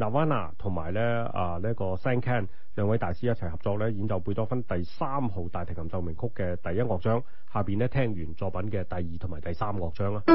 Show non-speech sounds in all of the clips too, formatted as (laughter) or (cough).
納瓦納同埋咧，啊呢個聖 n 兩位大師一齊合作咧，演奏貝多芬第三號大提琴奏鳴曲嘅第一樂章，下邊咧聽完作品嘅第二同埋第三樂章啦。 (music)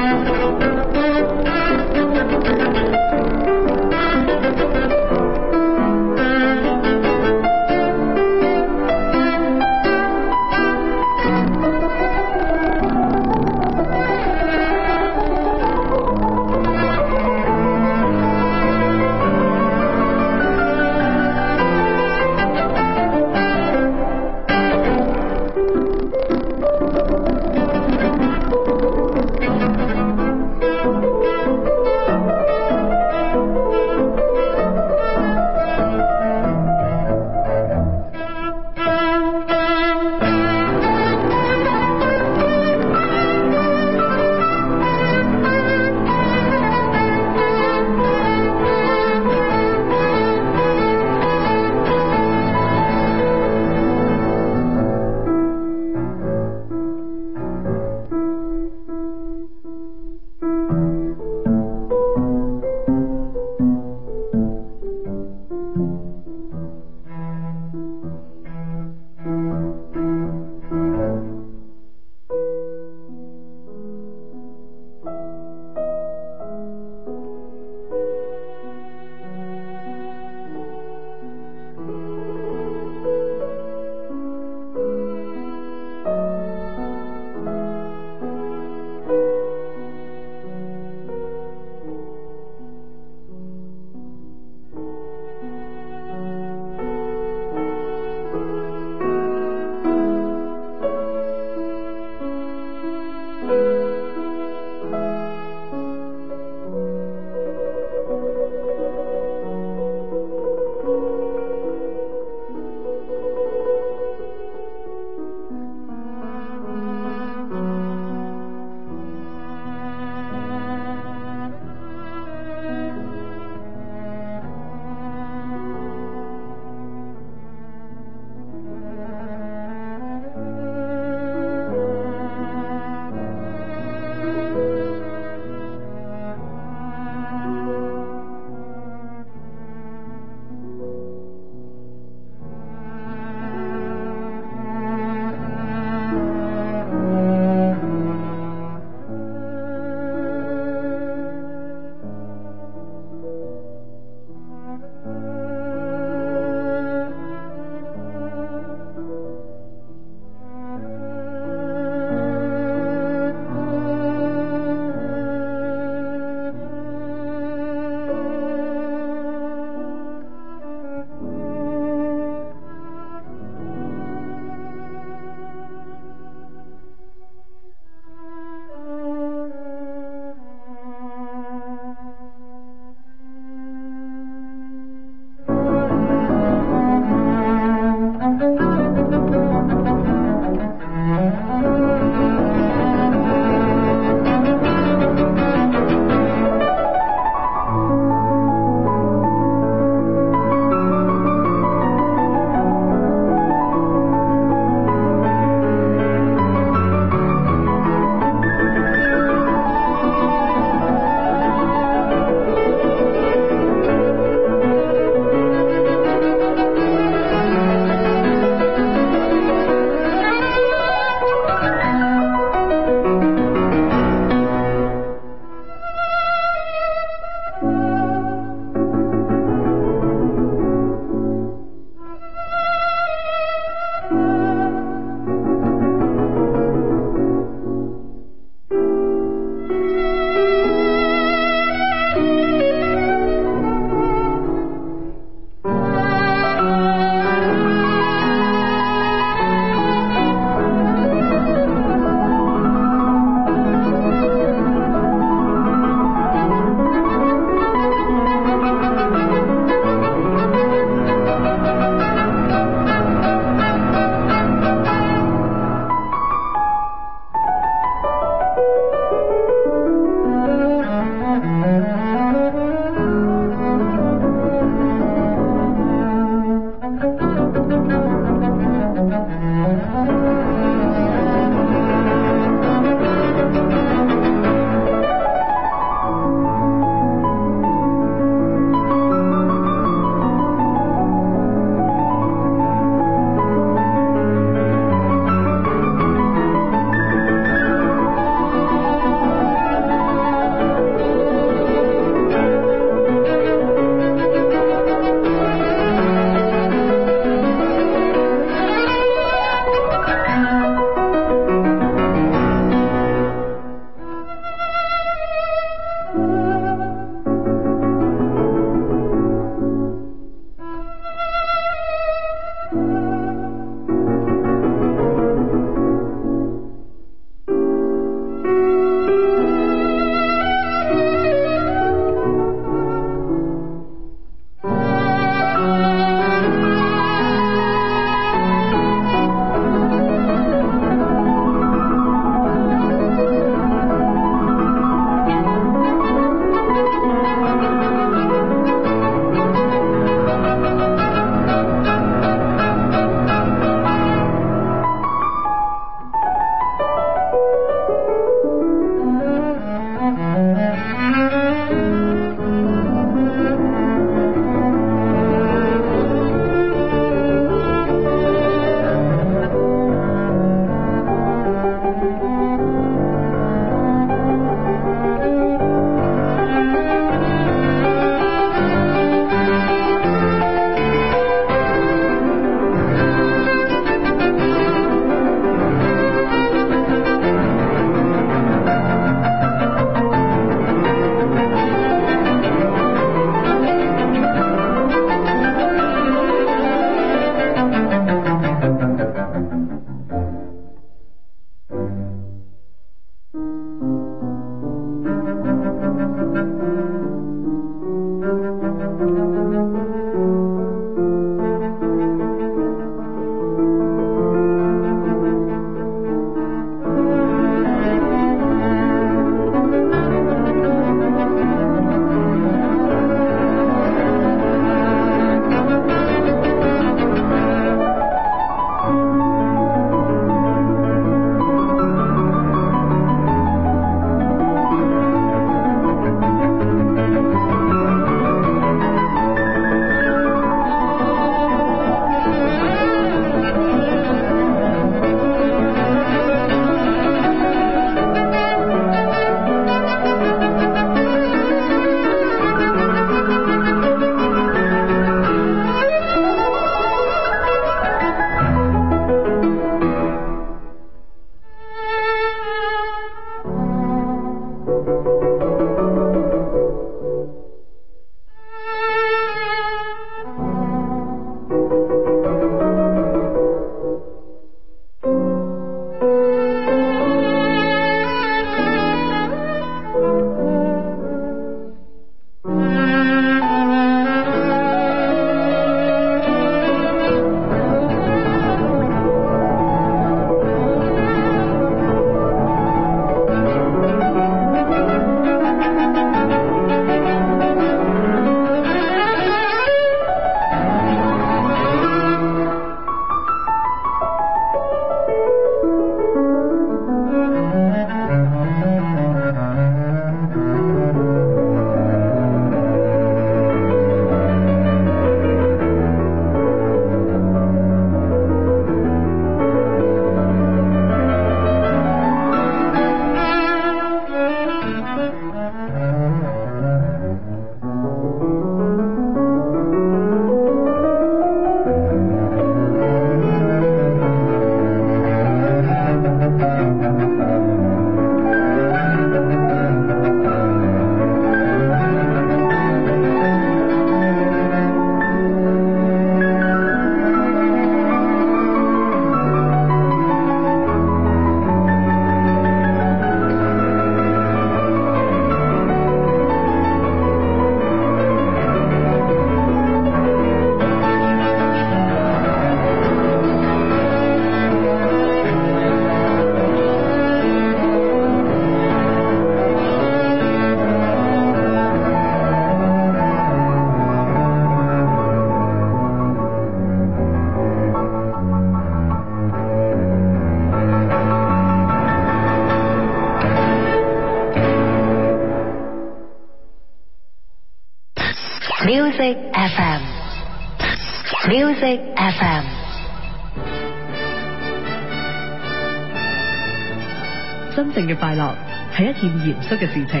真正嘅快樂係一件嚴肅嘅事情。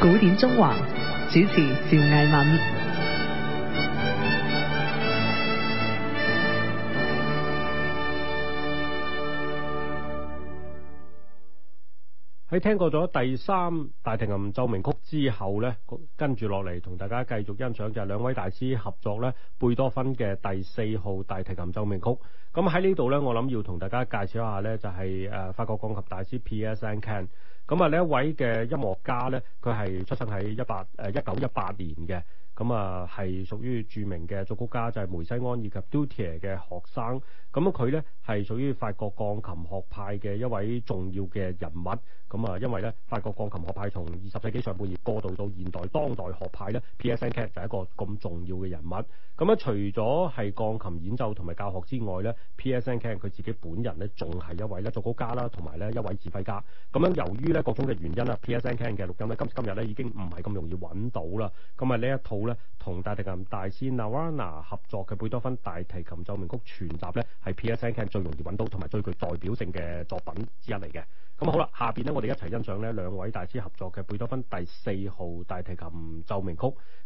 古典縱橫主持趙藝敏。喺聽過咗第三大提琴奏鳴曲之後呢，跟住落嚟同大家繼續欣賞就係兩位大師合作呢，貝多芬嘅第四號大提琴奏鳴曲。咁喺呢度呢，我諗要同大家介紹一下呢，就係誒法國鋼琴大師 p s n k e n。咁啊呢一位嘅音樂家呢，佢係出生喺一八誒一九一八年嘅。咁啊，係屬於著名嘅作曲家，就係、是、梅西安以及 Dutilleux 嘅學生。咁佢咧係屬於法國鋼琴學派嘅一位重要嘅人物。咁啊，因為咧法國鋼琴學派從二十世紀上半葉過渡到現代當代學派咧，P.S.N.C. 就係一個咁重要嘅人物。咁啊，除咗係鋼琴演奏同埋教學之外咧，P.S.N.C. 佢自己本人咧，仲係一位咧作曲家啦，同埋咧一位指揮家。咁樣由於咧各種嘅原因啊，P.S.N.C. 嘅錄音咧今今日咧已經唔係咁容易揾到啦。咁啊，呢一套同大提琴大師 Nawana 合作嘅貝多芬大提琴奏鳴曲全集呢，係 P.S.N.C 最容易揾到同埋最具代表性嘅作品之一嚟嘅。咁、嗯、好啦，下邊呢，我哋一齊欣賞呢兩位大師合作嘅貝多芬第四號大提琴奏鳴曲。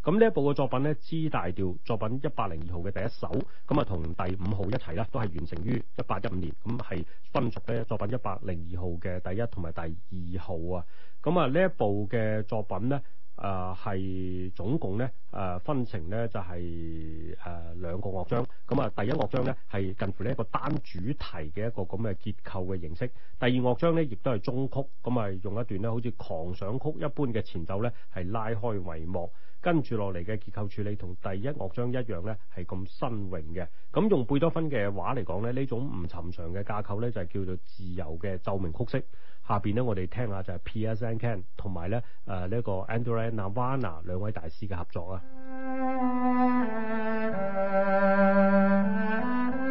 咁、嗯、呢一部嘅作品呢，G 大調作品一百零二號嘅第一首，咁啊同第五號一齊啦，都係完成於一八一五年。咁、嗯、係分屬呢作品一百零二號嘅第一同埋第二號啊。咁啊呢一部嘅作品呢。誒，係、呃、總共咧，誒、呃，分成咧就係誒兩個樂章，咁啊第一樂章咧係近乎咧一個單主題嘅一個咁嘅結構嘅形式，第二樂章咧亦都係中曲，咁啊用一段咧好似狂想曲一般嘅前奏咧係拉開帷幕。跟住落嚟嘅結構處理同第一樂章一樣呢係咁新穎嘅。咁用貝多芬嘅話嚟講咧，呢種唔尋常嘅架構呢，就係叫做自由嘅奏鳴曲式。下邊呢，我哋聽下就係 P.S.N.CAN 同埋咧，誒呢個 Andrea Vanna 兩位大師嘅合作啊。 (music)